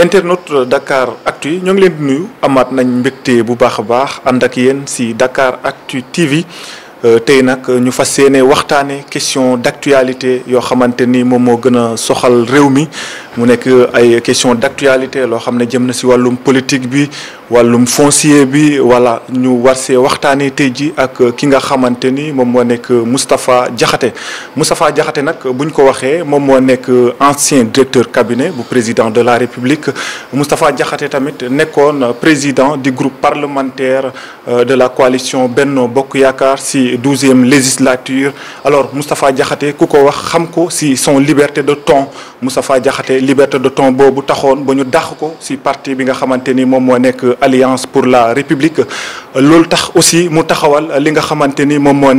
Internet Dakar Actu nous ngi leen di nuyu amaat nañ mbégte bu Dakar Actu TV euh, tey nag ñu d'actualité yoo xamante ni moom moo soxal mu d'actualité loo jëm si politique walum foncier bi voilà ñu war see waxtaanee ji ak euh, ki nga xamanteni mom mo nek Mustapha Moustapha Diakhaté Moustapha Diakhaté nag euh, ko waxé euh, ancien directeur cabinet bu président de la République Moustapha Diakhaté tamit nekkoon président du groupe parlementaire de la coalition Benno Bokk si ci douzième législature alors Moustapha Diakhaté kuko wax xam ko son liberté de ton Moustapha Diakhaté liberté de ton bobu taxone ba ñu parti bi nga xamanteni mom alliance pour la république loolu aussi mu taxawal li nga xamanteni mom mo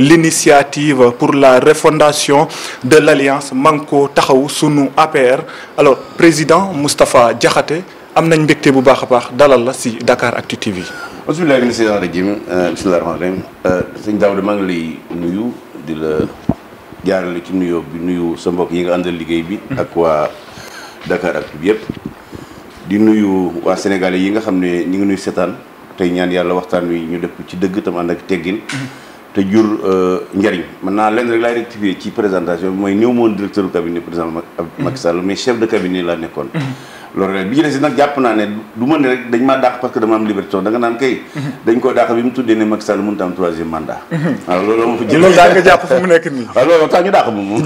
l'initiative pour la refondation de l'alliance Manko Taxawu Sunu APR alors président Moustapha Diakhaté am nañ mbégte bu si Dakar baax TV. Monsieur rahman rahim ngi nuyu di le jaarale ci nuyoo bi nuyu sa mbokk yi nga àndal liggéey bi hmm. ak waa Dakar ak bi yëpp di nuyu waa sénégalais yi nga xam ne ñu ngi nuy seetaan tey ñaan yàlla waxtaan wi ñu def ci dëgg tam ak teggin hmm. te jur euh, njariñ mën naa leen rek laay rectifier ci présentation bi mooy néew moon directeur du cabinet président Macky Sall mais chef de cabinet laa nekkoon hmm. loolu rek bi ci des nag jàpp ne du ma ne rek dañ ma dakk parce que dama am liberté da nga nan kay. dañ ko dakk bi mu tuddee ne Macky Sall mënut a am troisième mandat. waaw loolu mo fi jël loolu daal nga jàpp fu mu nek ni waaw loolu tañu dakk dàq moom moom.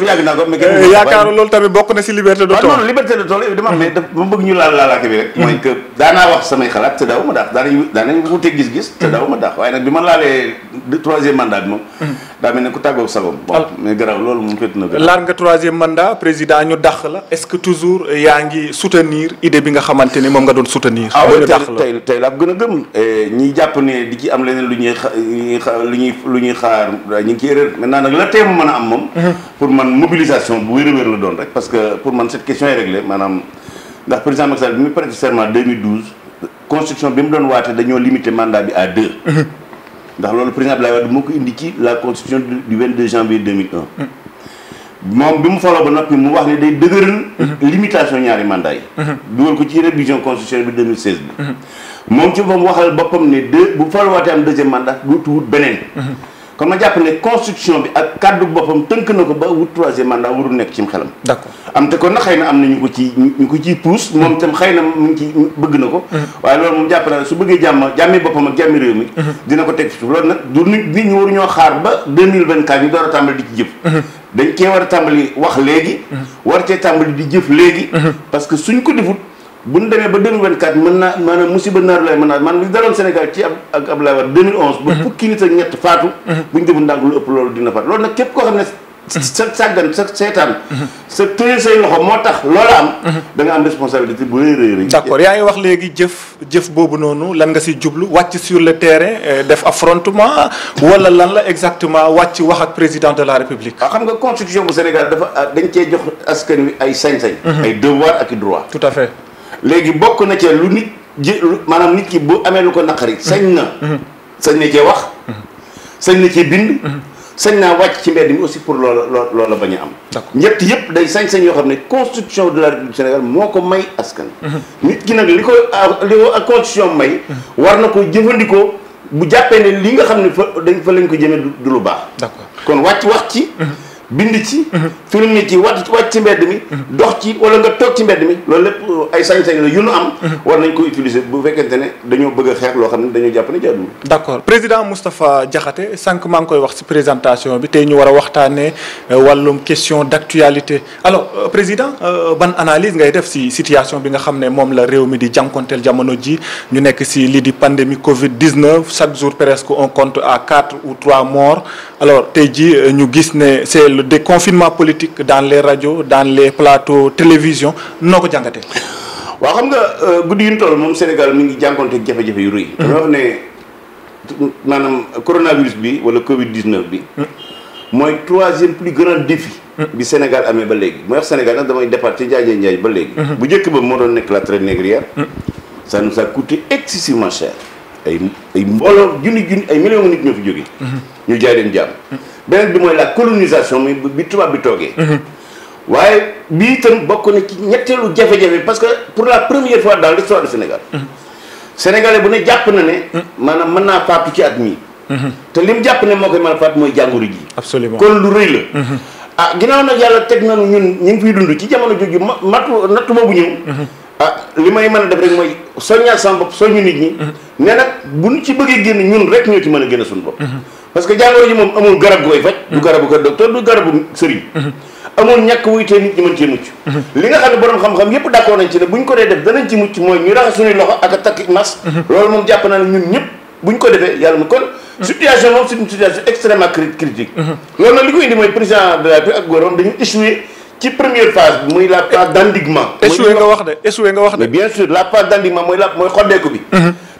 li nga tamit bokk na ci liberté de tool non liberté de tool dama mais dama bëgg ñu laal laalaake bi rek. mooy que na wax samay xalat te daaw ma dàq daanañ daanañ wuté gis-gis. te daaw dakk waye nak bima laalé ma laalee troisième mandat bi hmm. da melni ku taggo sagom bon mais graw loolu mu fet na laal nga 3e mandat président ñu dakk la est-ce toujours yaa ngi soutenir idée bi nga xamante ni moom nga doon soutenir. loolu ah tax la tey tey laa ko gën a gëm. Eh, ñiy jàpp ne di ci am leneen lu ñuy xa lu ñuy lu ñuy xaar ñu ngi ciy réer maintenant nag la teem mën a am moom. Mhm. pour man mobilisation bu wér a wér la doon rek. parce que pour man cette question est réglée maanaam ndax président Macky Sall bi mu prêté serment 2012 constitution bi mu doon waate dañoo limité mandat bi à deux. Mhm. ndax loolu président Abdoulaye Wade du 22 moom bi mu faloo ba noppi mu wax ne day dëgëral. Mhm. limitation ñaari mandat yi. Mhm. dugal ko ci révision constitution bi 2016 bi. Mhm. moom ci moom waxal boppam ne deux bu falowaatee am deuxième mandat dootu wut beneen. kon jàpp ne constitution bi ak kàddu boppam tënk na ko ba wut troisième mandat warul nekk cim xelam. d'accord am te kon na xëy na am na ñu ko ci ñu ko ciy pousse. moom itam xëy na mu ngi bëgg na ko. waaye loolu moom jàpp naa su bëggee jàmm jàmmi boppam ak jàmmi réew mi. dina ko teg fi loolu nag du nit ñi xaar ba deux mille vingt quatre ñu door di ci jëf. dañ cee war a tàmbali wax léegi. Mhm. war cee tàmbali di jëf léegi. Mhm. parce que suñ ko defut bu ñu demee ba 2024 mën naa maanaam musiba naaru lay mën naa man li daloon Sénégal ci ab ak Abdoulaye Wade 2011. ba mhm. fukki nit ak ñett faatu. bu ñu defoon ndànk lu ëpp loolu dina faatu loolu nag képp koo xam ne. sa sàggan sa seetaan sa téye say loxo moo tax loola am da nga am responsabilité bu rëy rëy rëy d'accord yaa ngi wax léegi jëf jëf boobu noonu lan nga si jublu wàcc sur le terrain euh, def affrontement wala lan la exactement wàcc wax ak président de la république waaw ah, xam nga constitution bu Sénégal dafa ah, dañ cee jox askan wi ay sañ-sañ mhm. ay devoir ak i droit tout à fait léegi bokk na cee lu nit ji maanaam nit ki bu amee lu ko naqari sañ na mhm. sañ na cee wa mhm. sañ na cee sañ naa wàcc ci mbedd mi aussi pour loola loola bañ a am. d'accord ñett yëpp day sañ-sañ yoo xam ne constitution de la république Sénégal moo ko may askan. Mhm. nit ki nag li ko li ko ak constitution may. Mhm. war na ko jëfandikoo bu jàppee ne li nga xam ne fa dañ fa lañ ko jëmee du lu baax. d'accord kon wàcc wax ci. Mhm. bind ci. filmé ci wàcc wàcc ci mbedd mi. dox ci wala nga toog ci mbedd mi loolu lépp ay sañ-sañ la yu nu am. war nañ ko utiliser bu fekkente ne dañoo bëgg a xeex loo xam ne ne jaaduwul. d'accord président Moustapha Diakhaté sànq maa ngi koy wax ci présentation bi tey ñu war a waxtaanee euh, question d'actualité alors euh, président euh, ban analyse ngay def ci situation bi nga xam ne la réew mi di jànkonteel jamono ji ñu nekk ci lii di pandémie Covid 19 chaque jour presque on compte à 4 ou 3 morts alors tey ji euh, ñu gis ne c'est le déconfinement politique dans les radios dans les plateaux télévision non que jàngatee. Wa xam nga euh, guddi yu toll moom Sénégal mingi ngi jànkoonteeg jafe-jafe yu rëy. Mm. dañoo wax coronavirus bi wala Covid 19 bi. Mm. mooy troisième plus grand défi. Mm. bi Sénégal amee ba léegi mooy wax Sénégal nag damay départ ci Njaay Njaay ba léegi. Mm-hmm. bu njëkk ba moo doon nekk la négrière. ça nous a coûté excessivement cher. ay ay mbooloo junni junni ay millions nit ñoo fi mm-hmm. ñu jaay leen jàmm. beneen bi mooy la colonisation mi bi tubaab bi toogee. Mhm. waaye bii tam bokk na ci ñetteelu jafe-jafe parce que pour la première fois dans l'histoire du Sénégal. Mhm. Sénégalais bu ne jàpp na ne. Mhm. maanaam mën naa faatu ci at mii. te lim jàpp ne moo koy mën a faatu mooy jàngoro ji. absolument kon lu rëy la. ah ginnaaw nag yàlla teg nañu ñun ñu ngi fiy dund ci jamono jooju ma matu nattu boobu ñëw. ah li may mën a def rek mooy soññaat sama bopp soññu nit ñi. ne nag buñ ci bëggee génn ñun rek ñoo ci mën a génn suñu bopp. parce que jàngoro ji moom amul garab gu koy faj. du mm-hmm. garabu kër docteur du garabu sëriñ. Mm-hmm. amul ñàkk wuy nit ñi mën cee mucc. Mm-hmm. li nga xam ne borom xam-xam yëpp d'accord nañ ci ne buñ ko dee def danañ ci mucc mooy ñu raxas suñuy loxo ak a takk masque. loolu moom jàpp naa ne ñun ñëpp buñ ko defee yàlla mu kon. situation moom c'est une situation extrêmement critique. loolu nag li ko indi mooy président de la République ak góoram dañu échoué ci première phase muy la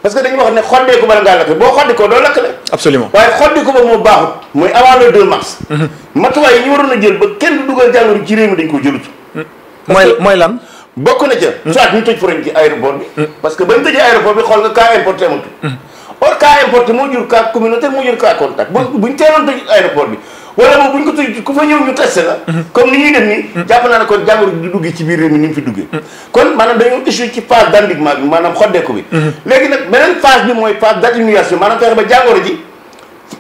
parce que dañu wax ne xoddeeku bala ngaa lakk boo xoddi ko doo lakk la. absolument waaye xoddi ko ba moo baaxut. mooy avant le mars. Mhm. matuwaay yi ñu waroon a jël ba kenn du dugal jàngoro mi dañ ko jëlut. Mhm. mooy mooy lan. bokk na ca. Mhm. soit ñu tëj frontière ci bi. parce que bañ tëjee aéroport bi xool nga cas importé amatul. moo jur cas communautaire moo jur cas contact. bu buñ teeloon tëj aéroport bi. wala moom bu ñu ko tëj ku fa ñëw ñu testé la. Mm-hmm. comme ni ñuy def nii. Mm-hmm. jàpp naa ne kon jàngoro du duggee ci biir réew mi ni mu fi duggee. Mm-hmm. kon maanaam dañoo échoué ci phase d'endiguement bi maanaam xoddeeku bi. léegi nag beneen phase bi mooy phase d'atténuation maanaam fexe ba jàngoro ji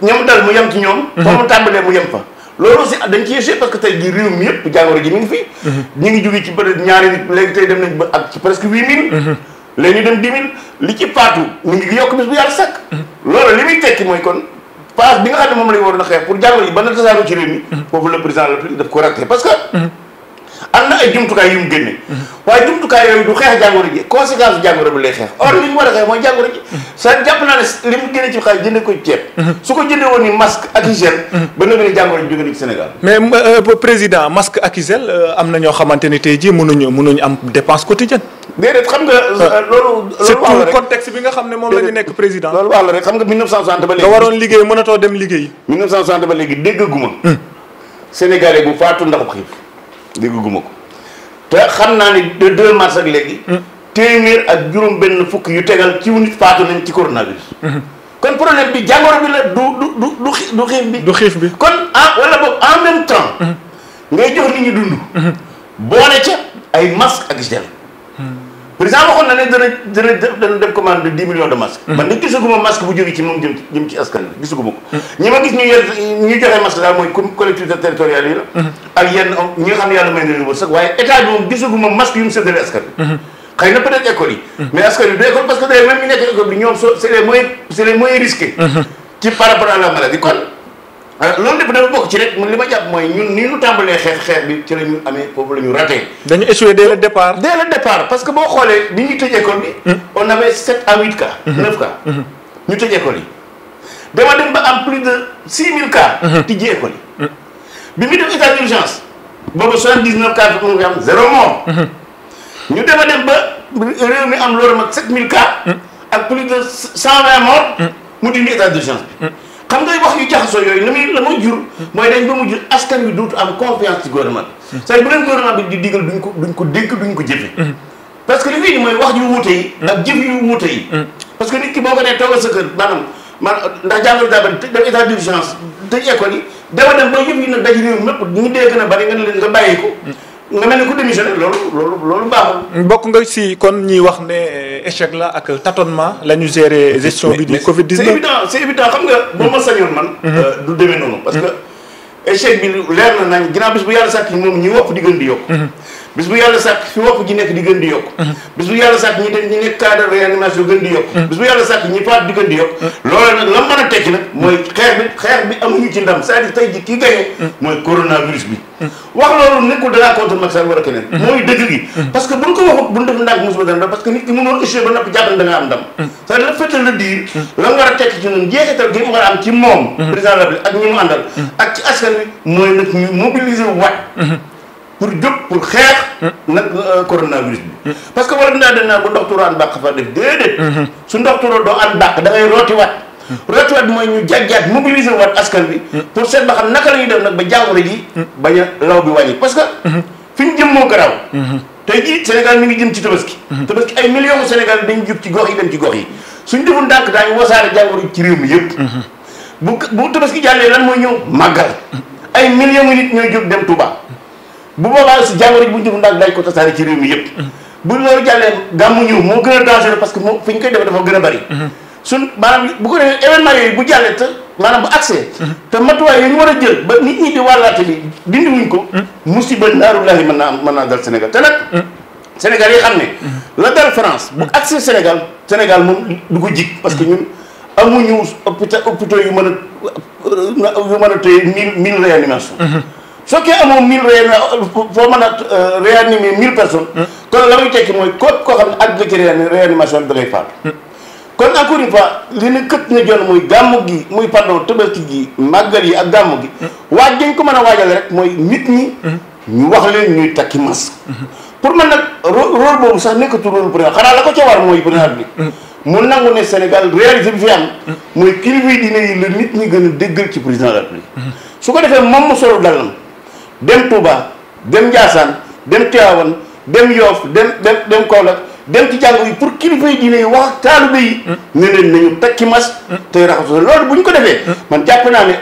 ñoom dal mu yem ci ñoom. fa mu tàmbalee mu yem fa. loolu aussi dañ ci échoué parce que tey jii réew mi yëpp jàngoro ji mi ngi fi. ñu ngi jógee ci bële ñaari nit tey dem nañ ba ak ci presque huit mille. léegi ñu dem dix mille li ci faatu mu ngi yokk bis bu phase bi nga xam ne moom la ñu waroon a xeex pour jàngoro yi ba na tasaaru ci réew mi. foofu le président de la République daf ko raté parce que. am na ay jumtukaay yu mu génne waaye jumtukaay yooyu du xeex jàngoro ji conséquence jàngoro bi lay xeex or li mu war a xeex mooy jàngoro ji sa jàpp naa ne li mu génne ci xaalis jënde ko ceeb su ko jënde woon ni masque ak gel ba nga ne jàngoro ji jóge na ci Sénégal mais euh, président masque ak gel euh, am na ñoo xamante ni tey jii mënuñu mënuñu am dépense quotidienne déedéet xam nga euh, loolu loolu surtout contexte bi nga xam ne moom la nekk président loolu wàll rek xam nga 1960 ba léegi nga waroon liggéey mënatoo dem liggéey 1960 ba léegi déggaguma hmm. sénégalais bu faatu ndax xiif dégguma ko te xam naa ni de deux mars ak léegi. Hmm. téeméer ak juróom benn fukk yu tegal ci wu nit faatu nañ ci coronavirus. Hmm. kon problème bi jàngoro bi la du du du du du xiif bi. du xiif bi kon en ah, wala boog en même temps. Hmm. ngay jox nit ñi dund. boole ca ay masque ak gel. président waxoon na ne dana dana def commande dix millions de masques. Mm-hmm. man ne yàlla may na lu sax waaye état bi moom gisaguma masque mu séddale askan bi. Mm-hmm. xëy na peut-être école yi. Mm-hmm. mais askan bi du école parce que day même ñu nekk école bi par rapport à la maladie kon. loolu lépp dafa bokk ci rek li ma jàpp mooy ñun ni ñu tàmbalee xeex xeex bi ci la raté. dañu échoué dès le départ. dès le départ parce que si xoolee bi hmm. on avait 7 à 8 cas. 9 hmm. cas. Hmm. ñu tëj école yi. dama dem ba am plus de 6000 cas. tijji école yi. bi muy def état d'urgence. boobu 79 cas bi mu mort. ñu avons dem ba réew mi am loolu 7000 cas. ak plus de 120 morts. mu dindi état d'urgence xam ngay wax yu jaxasoo yooyu la muy la muy jur mooy dañ ba mu jur askan wi dootu am confiance ci gouvernement bi c'est-à-dire bu leen gouvernement bi di digal duñ ko duñ ko dégg duñ ko jëfe mm-hmm. parce que li fii ni mooy wax yu wuute yi mm-hmm. ak jëf yu wuute yi mm-hmm. parce que nit ki boo ko nee toogal sa kër maanaam man ndax jàngal daa bari def état d'urgence tëj école yi dama dem ba yëf yi nag daj réew mépp ñu dee gën a bari nga ne leen nga bàyyi ko nga mel ne ku démissionné loolu loolu loolu baaxul. bokk nga si kon ñuy wax ne eh, échec la ak tâtonnement la ñu gérer gestion bi du Covid 19 mais c'est évident xam nga boo ma sañoon man. Mm-hmm. Euh, du demee noonu. parce mm-hmm. que échec bi leer na nañ ginnaaw bis bu yàlla sàkk moom ñi wokk di gën di yokk. Mm-hmm. bis bu yàlla sàkk fi wopp ji nekk di gën di yokk bis bu yàlla sàkk ñi ñi nekk cadre réanimation gën di yokk bis bu yàlla sàkk ñi faat di gën di yokk loolu nag la a tekki ci ndam mooy dëgg gi parce que buñ ko waxut buñ def ndànk musiba dana parce que nit ki mënoon échoué ba napp jàpp da nga am a moom président ak ñi mu àndal ak ci askan wi mooy nag ñu mobiliser waat pour jóg pour xeex. nag euh, coronavirus bi. Mm. parce que wala dinaa dinaa bu ndox tuuraan bàq fa def déedéet. Mm-hmm. su ndox tuuroo doo am bàq da rooti wat. rooti wat mooy ñu jagjaat mobiliser wat askan bi. Mm. pour seet ba xam naka la ñuy def nag ba jàngoro ji. Mm. bañ a law bi wàññi parce que. Mm-hmm. fi ñu jëm moo garaaw. Mm-hmm. tey jii Sénégal mi ngi jëm ci tabaski. tabaski ay million Sénégal dañ jub ci gox yi dem ci gox yi suñ deful ndànk daañu wasaare jàngoro ci réew mi yëpp. bu bu tabaski ay millions nit ñooy jóg dem Touba. bu boobaa aussi jàngoro ji bu ñu déglu ndax dañ ko tasaare ci réew mi yëpp. bu loolu jàllee gàmmu ñëw moo gën a dangereux parce que moom fi ñu koy defee dafa gën a bari. suñ maanaam bu ko defee événement yooyu bu jàllee te maanaam bu accès. te matuwaay yi ñu war a jël ba nit ñi di wàllaate bi dindi wuñ ko. musiba naarullahi mën naa am mën naa dal Sénégal te nag. Sénégal yi xam ne. la dal France bu accès Sénégal Sénégal moom du ko jig parce que ñun. amuñu hôpital hôpital yu mën a yu mën a téye mille mille réanimation soo kee amoon mille réanimé euh, foo mën a euh, réanimer mille personnes. Hmm. kon la muy tekki mooy képp ko xam ne ak nga ci réanimation bi da hmm. kon encore une fois li ñu këpp nga joon muy gi muy pardon tabaski gi màggal yi ak gàmm gi. Hmm. waaj dañ ko mën a waajal rek mooy nit ñi. ñu wax leen ñuy takki masque. pour man nag rôle boobu sax nekkatul rôle président xanaa la ko ca war mooy président bi. mu nangu ne Sénégal réalité bi fi am. mooy kilifa yi dina yi la nit ñi gën a déggal ci président de la République. su ko defee moom mu solo dalam. dem Touba dem Ndiassane dem Tivaouane dem Yoff dem dem dem Kaolack dem ci jàng yi pour kilifa yi diine yi wax taalibe yi. Mm. ne leen nañu takki masque. Mm. te raxasu loolu bu ñu ko defee. Mm. man jàpp naa ne.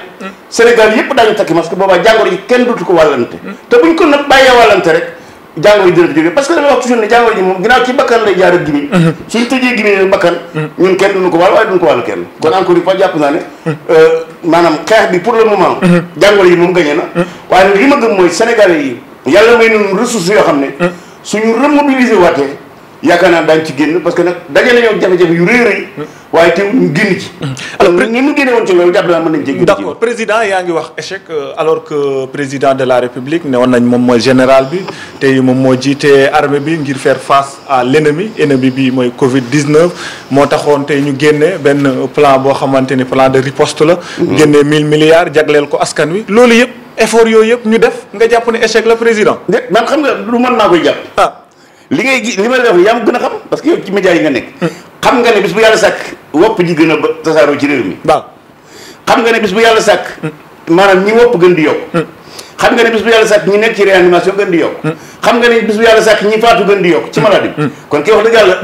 Sénégal yëpp daañu takki masque boobaa jàngoro yi kenn dootu ko wàllante. te bu ñu ko nag bàyyee wàllante rek. jàngoro yi dina fi jógee parce que damay wax toujours ne jàngoro ji moom ginnaaw ci bakkan lay jaar ak gimi mhm. suñ tëjee gimi ak bakkan ñun kenn duñu ko wàll waaye duñu ko wàll kenn mhm. kon encore une fois jàpp naa ne mhm. euh, maanaam xeex bi pour le moment jàngoro yi moom gagné na waaye li ma gëm mooy sénégalais yi yàlla may nun ressources yoo xam ne suñu remobiliser waatee yaakaar naa daañu ci génn parce que nag daje nañoo jafe-jafe yu rëy rëy waaye te ñu génn ci. alors ñi mu génne woon ci loolu jàpp naa yaa ngi wax échec euh, alors de la république ne woon nañ moom mooy général bi tey moom moo jiite armée bi ngir faire face à l'ennemi ennemi bi mooy Covid 19. moo taxoon tey ñu génne benn plan boo xamante ni plan de riposte la. Mhm. génne 1000 milliards jagleel ko askan wi loolu yëpp effort yooyu yëpp ñu def nga jàpp ne échec la président. man xam nga lu mën naa koy jàpp. Ah. li nga gi li ma lay wax gën a xam parce que yow ci médias yi nga nekk. xam nga ne bis bu yàlla sàkk wopp ji gën a ba tasaaroo ci réew mi. waaw xam nga ne bis bu yàlla sàkk. maanaam ñi wopp gën di yokk. Hmm. xam nga ni bis bu yàlla sàkk ñi nekk ci réanimation gën di yokk xam nga ni bis bu yàlla sàkk ñi faatu gën di yokk ci maladie hmm. kon kii wax dëgg yàlla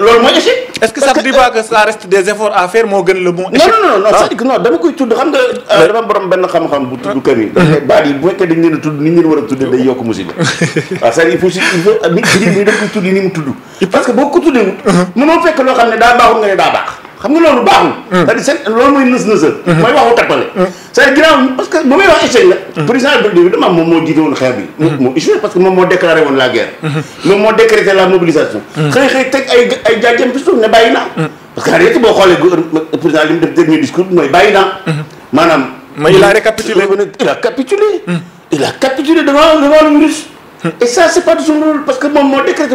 loolu mooy échec est-ce que ça veut dire pas que ça reste des efforts à faire moo gën le bon échec non non non ah. c'est-à-dire que non dama koy tudd xam nga euh, dama borom benn xam-xam bu tudd kër yi hmm. baat yi bu fekkee dañ leen a tudd ni ñu leen war a tudd day yokk musiba waaw cest à il faut il faut nit ñi da koy tudd ni mu tudd parce que boo ko tuddee wut hmm. mënoo fekk loo xam ne daa baaxul nga ne daa baax xam nga loolu baaxul. Hmm. c'est-à-dire mooy nës-nësal. Hmm. mooy waxu tappale. cest à parce que bu may wax échec la. Hmm. président bi dama moom moo jiite woon xeex bi. moo échoué parce que moom moo déclaré woon la guerre. moom moo décrété la mobilisation. xëy xëy teg ay ay jaajëm ne bàyyi parce que en réalité boo xoolee président li mu def dernier discours mooy bàyyi maanaam. mooy il a récapitulé il a capitulé. il a capitulé devant devant le virus. pas de son rôle parce que moom moo décrété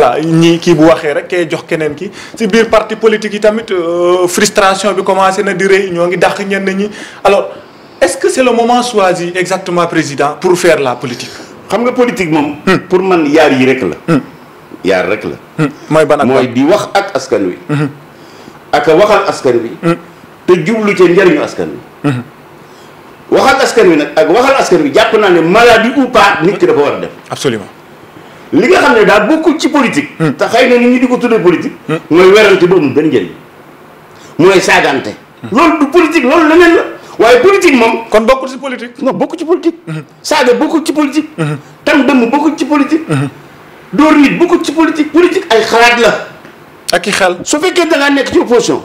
voilà ñi ki bu waxee rek kay jox kenen ki ci biir parti politique yi tamit euh, frustration bi commencé na di rëy ñoo ngi dàq ñi alors est ce que c'est le moment choisi exactement président pour faire la politique. xam nga politique mom hmm. pour man yar yi rek la. Hmm. yar rek la. moy hmm. ban ak mooy di wax ak askan wi. ak waxal askan wi. te jublu ci ndariñu askan wi. waxal askan wi nak ak waxal askan wi japp na ne maladie ou pas nit ki dafa war def. absolument. li nga xam ne daal bokkul ci politique. Hmm. te xay na nit ñi di ko tuddee politique. Hmm. mooy werante boobu benn njëriñ mooy saagante. Hmm. loolu du politique loolu leneen la waaye politique moom. kon bokkul ci politique. non bokkul ci politique. saaga bokkul ci politique. tam dëmm bokkul ci politique. door nit bokkul ci politique. politique ay xalaat la. ak i xel su fekkee da ngaa nekk ci opposition.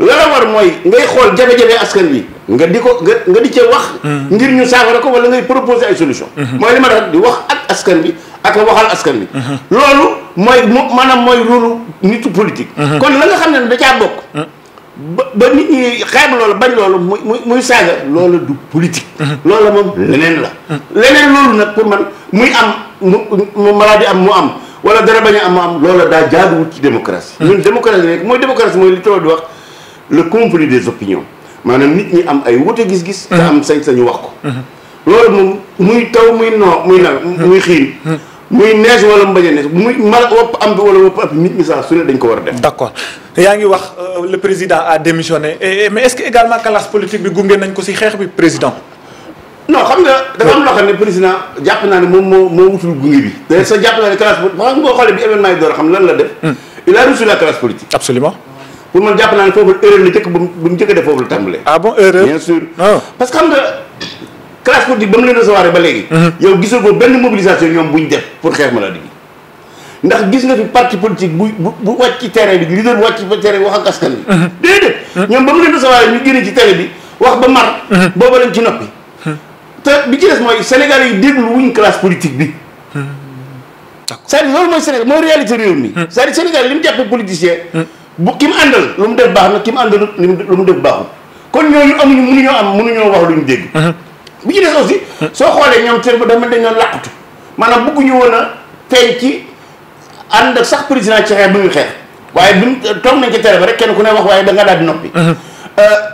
la la war mooy ngay xool jafe-jafe askan bi nga di ko nga nga di ca wax. Mm-hmm. ngir ñu saafara ko wala ngay proposer ay solution mm-hmm. mooy ma di wax ak askan bi ak waxal askan bi. Mm-hmm. loolu mooy mu maanaam mooy loolu nitu politique. kon la nga xam ne da caa bokk. ba ba nit ñi xeeb loolu bañ loolu muy muy muy loolu du politique. moom leneen la. leneen loolu nag pour man muy am mu mu maladie am mu am wala dara bañ a am mu am loolu daa jaaduwut ci démocratie. ñun démocratie mooy démocratie mooy li toog di wax. le conflit des opinions Manam nit ñi am ay wute gis-gis. te am sañ-sañu wax ko. loolu moom muy taw muy noo muy naw muy xiin. muy nees wala mu bañ nees muy mal wopp am bi wala wopp am nit ñi sax su ne dañ ko wara def. d'accord yaa ngi wax euh, le président a démissionné et mais est-ce que également classe politique bi gungé nañ ko ci xex bi président. non xam nga dafa am loo xam ne président jàpp naa ne moom moo moo wutul gunge bi. te sa jàpp naa ne classe boo xam nga boo xoolee bi événement yi door xam lan la def. Hmm. il a reçu la classe politique. absolument pour man jàpp naa ne foofu erreur la njëkk bu bu mu njëkk a def foofu la tàmbalee. ah bon erreur bien sûr. Ah. parce que xam nga classe politique ba mu leen recevoir ba léegi. Mhm. yow gisagoo benn mobilisation ñoom bu ñu def pour xeex maladie bi ndax gis nga fi parti politique bu bu bu wàcc ci terrain bi leader bu wàcc ci terrain bi wax ak askan bi mhm. déedéet mhm. ñoom ba mu leen recevoir ñu génne ci télé bi wax ba mar. booba lañ ci noppi. te bi ci des mooy Sénégal yi déglu wuñ politique bi. d' accord c'est-à-dire loolu mooy Sénégal mi. c'est-à-dire Sénégal li mu bu kim andal lu mu def baax na kim andal lu mu def baaxul kon ñooñu amuñu mënuñoo am mënu mënuñoo wax luñu dégg bu ñu def aussi so xolé ñom seen ba dañu dañoo làqatu maanaam bëgguñu woon a feeñ ci ànd ak sax président ci xéer bu ñu xéer waye bu tok nañ ci tere ba rek kenn ku ne wax waye da nga daal nopi euh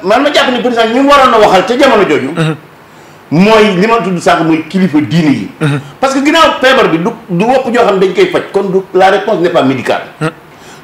man ma japp ni président ñu waral na waxal ci jamono joju moy lima tuddu sax moy kilifa diini yi parce que ginaaw feebar bi du wop wopp xam dañ koy fajj kon la réponse n'est pas médicale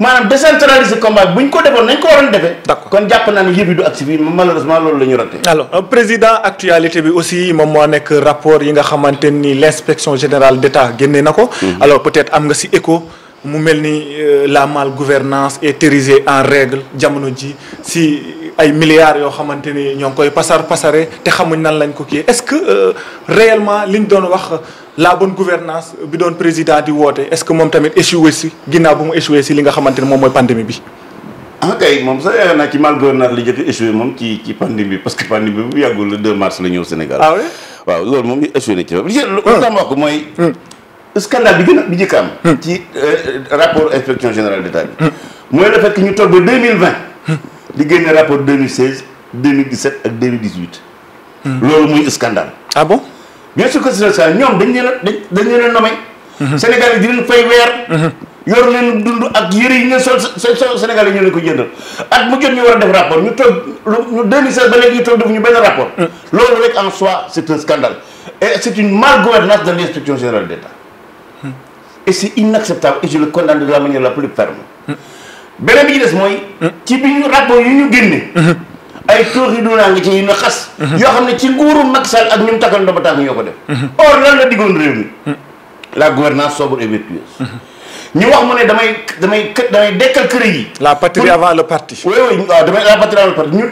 manam décentraliser combat buñ ko defoon nañ ko waroon defee. kon japp nañ ne yëf yi du agsi bi malheureusement loolu la raté. alors euh, président actualité bi aussi mom mo nek rapport yi nga xamante l'inspection générale d'État génne nako mhm. alors peut-être am nga ci écho. mu melni euh, la la gouvernance est terrorisée en règle jamono ji si ay milliards yo xamante ñong koy pasar pasare té xamuñ nan lañ ko kii est-ce que euh, réellement liñ doon wax la bonne gouvernance bi doon président di woote est-ce que mom tamit échoué si ginnaaw bu mu échoué si li nga xamante mom moy pandémie bi. ah kay moom sax yaakaar naa ci mal gouvernance li jot a échoué mom ci ci pandémie parce que pandémie bi bu le 2 mars la ñëw Sénégal. ah oui waaw loolu moom échoué na ci loolu. Hmm. lu tax wax hmm. scandale bi gëna a bi njëkk am. Hmm. ci euh, rapport inspection générale d'État bi. mooy le fait que ñu toog 2020. di génne rapport 2016 2017 ak 2018. loolu moy scandale. ah bon. ñooy circonstance ñoom dañ leen a dañ leen a nomé. Mhm. Sénégal yi di fay weer. Mhm. yor leen dund ak yëre yi ngeen sol Sénégal yi ñu leen ko jëndal at mu jot ñu war a def rapport ñu toog ñu 2016 ba léegi ñu toog def ñu benn rapport. Mhm. loolu rek en soi c' un scandale et c' est une malgouvernance de l' inspection générale d' état et c' est inacceptable et je le condamne de la manière la plus ferme. beneen bi ñu des mooy. ci bi ñu rapport yi ñu génne. ay tooxi doonaa ngi ci yu ñu xas yoo xam ne ci nguuru Macky Sall ak ñum takkal ndoba tànk ñoo ko def oo lan la diggoon réew mi la sobre et vertueuse ñu wax ne damay damay damay dekkal kër yi la patrie avant le parti oui oui waaw damay la patrie avant le parti ñu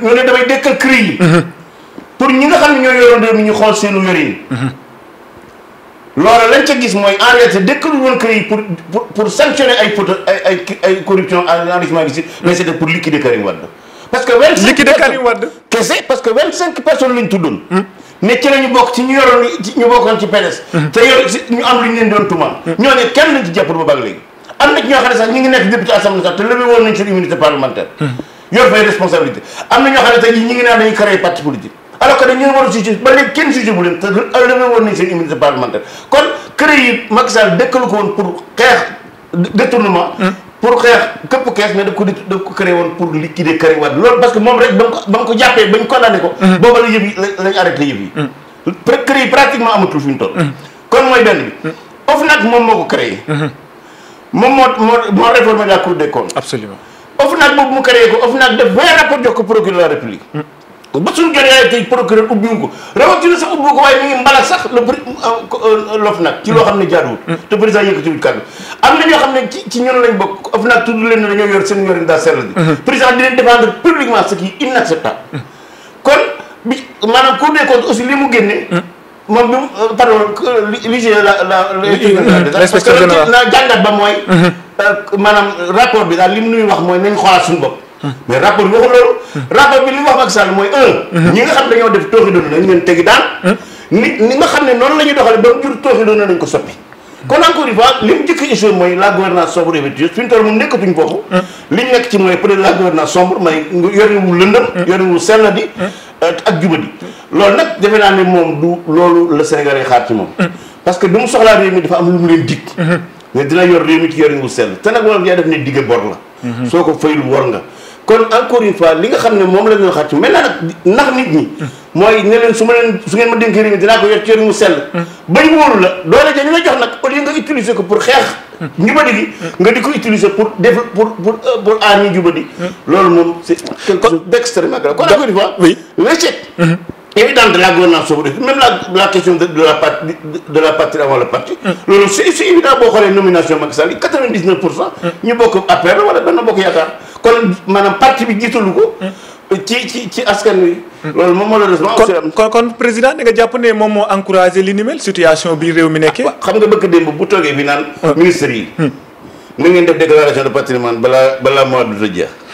mhm. pour ñi nga xam ne ñoo yoroon réew mi ñu xool seenu yorin mhm. loolu lañ ca gis mooy en réalité dëkkalu woon kër yi pour pour sanctionner ay pot ay ay ay corruption enrichissement illicite mais c'était pour liquider Karim Wade parce que vingt cinq personnes kese parce que vingt ci la ñu bokk ci ñu yoroon ñu bokkoon ci PDS. Mm-hmm. te yor ñu am lu ñu leen doon tuumaal. Mm-hmm. ñooñu kenn lañ ci jàppale ba bàgg léegi. am na ci ñoo xam ne sax ñu ngi nekk député assemblée sax te levé woon nañ seen immunité parlementaire. Mm-hmm. yor fay responsabilité am na ñoo xam ne tey ñu ngi naan dañuy créé parti politique. alors que dañu leen war a jugé ba léegi kenn jugé bu leen te euh, levé woon nañ seen immunité parlementaire kon pour xeex këpp kees mais daf ko di daf ko créé woon pour liquider Karim Wade loolu parce que moom rek ba mu ko jàppee ba ñu condamné ko. Mhm. booba la yëpp yi lañ arrêté yëpp yi. Mhm. créé pratiquement amatul fi ñu toll. Mhm. kon mooy benn bi. OFNAC moom moo ko créé. moom moo moo moo réformé la cour des absolument OFNAC boobu mu créé ko OFNAC def vingt rapport jox ko procureur de république. ba suñu jot yaay tey procureur ubbiwuñ ko rawatina sax ubbiwu ko waaye mi ngi mbala sax le euh, euh, lof nag ci loo xam ne jaaduwul mm. te président yëkkatiwul kàddu am na ñoo xam ne ci ci ñun lañ bokk of nag tudd leen ne dañoo yor seen yorin daa sell bi mm-hmm. président di leen défendre publiquement ce qui est inacceptable mm. kon bi maanaam cour des comptes aussi li mu génne mm. moom bi euh, pardon lige la la parce que naa mooy mm-hmm. maanaam rapport bi daal li mu nuy wax mooy nañ xoolaat suñu bopp mais rapport bi waxul loolu. rapport bi li wax Macky Sall mooy un. ñi nga xam dañoo def tooxi doon nañ leen tegi ni nga xam ne noonu la ñuy doxalee ba jur tooxi doon nañ ko soppi. kon encore une fois li mu njëkk échec mooy la gouvernance sombre et lëndëm. yorewul sell di. ak jubadi. loolu nag defe naa ne moom du loolu la Sénégalais xaar ci moom. parce que du mu soxlaa réew mi dafa am lu mu leen dig. Mhm. mais dina yor réew mi ci yorin sell te yaa def ne kon encore une fois li nga xam ne moom la ñu xaar ci maintenant nag ndax nit ñi. mooy ne leen su ma leen su ngeen ma dénkee réew mi dinaa ko yor ci mu sell. bañ wóolu la doole ja ñu la jox nag au nga utiliser ko pour xeex. njubadi gi nga di ko utiliser pour def pour pour euh, pour aar hmm. loolu moom c'est quelque chose d'extrêmement grave kon encore une fois. oui l'échec. Et dans de la gouvernance sobre même la la question de de la part de, de la partie avant le parti. Mm. loolu c'est c'est évident boo xoolee nomination Macky yi kon président nga jàpp ne moom moo encouragé li ni mel situation bi réew mi nekkee. Ah, xam nga bëgg démb bu toogee bi naan. Mm. ministre yi. mu mm. ngeen def déclaration de patrimoine balaa balaa mois d'août jeex.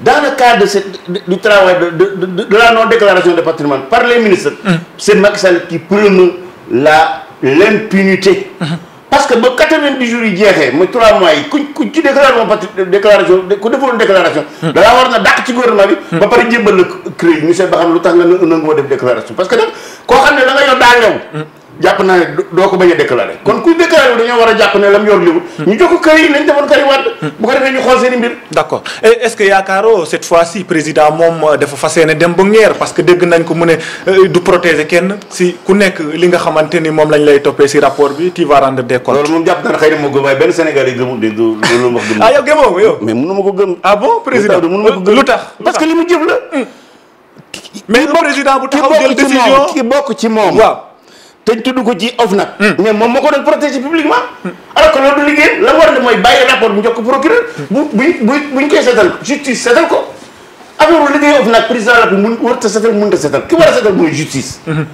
dans le cadre de du travail de, la non-déclaration de patrimoine par les ministres, mm. c'est Macky qui prône l'impunité. Mm-hmm. Parce que 90 jours, il y a 3 mois, tu déclares déclaration, une déclaration, tu mm. gouvernement, tu tu pas tu déclaration. Parce que quand tu déclaration, jàpp naa ne doo ko bañ a déclaré kon kuy déclaré dañoo war a jàpp ne lam yor liwul hmm. ñu jox ko kër yi lañ defoon Karim hmm. Wade bu ko que yaakaaroo cette fois ci euh, dem ba ngeer parce que dégg nañ ko mu ne euh, du protéger kenn si ku nekk li nga xamante ni moom lañ lay toppee si rapport bi tu vas rendre des loolu moom jàpp naa ne xëy moo gëm ah yow gëmoo yow mais mënu ma ko gëm ah bon président mënu ma ko gëm euh, lu tax parce que li mu jëf la hmm. mais président bu taxaw décision ki bokk ci moom waaw te tudd ko ci OFNAC hmm. mais moom moo ko doon protéger publiquement alors que loolu du liggéey la war a def mooy bàyyi rapport bu njokk procureur bu buñ bu justice seetal ko affaire u liggéey OFNAC président la mun war ta seetal mun ta seetal ki war a seetal mooy justice hmm.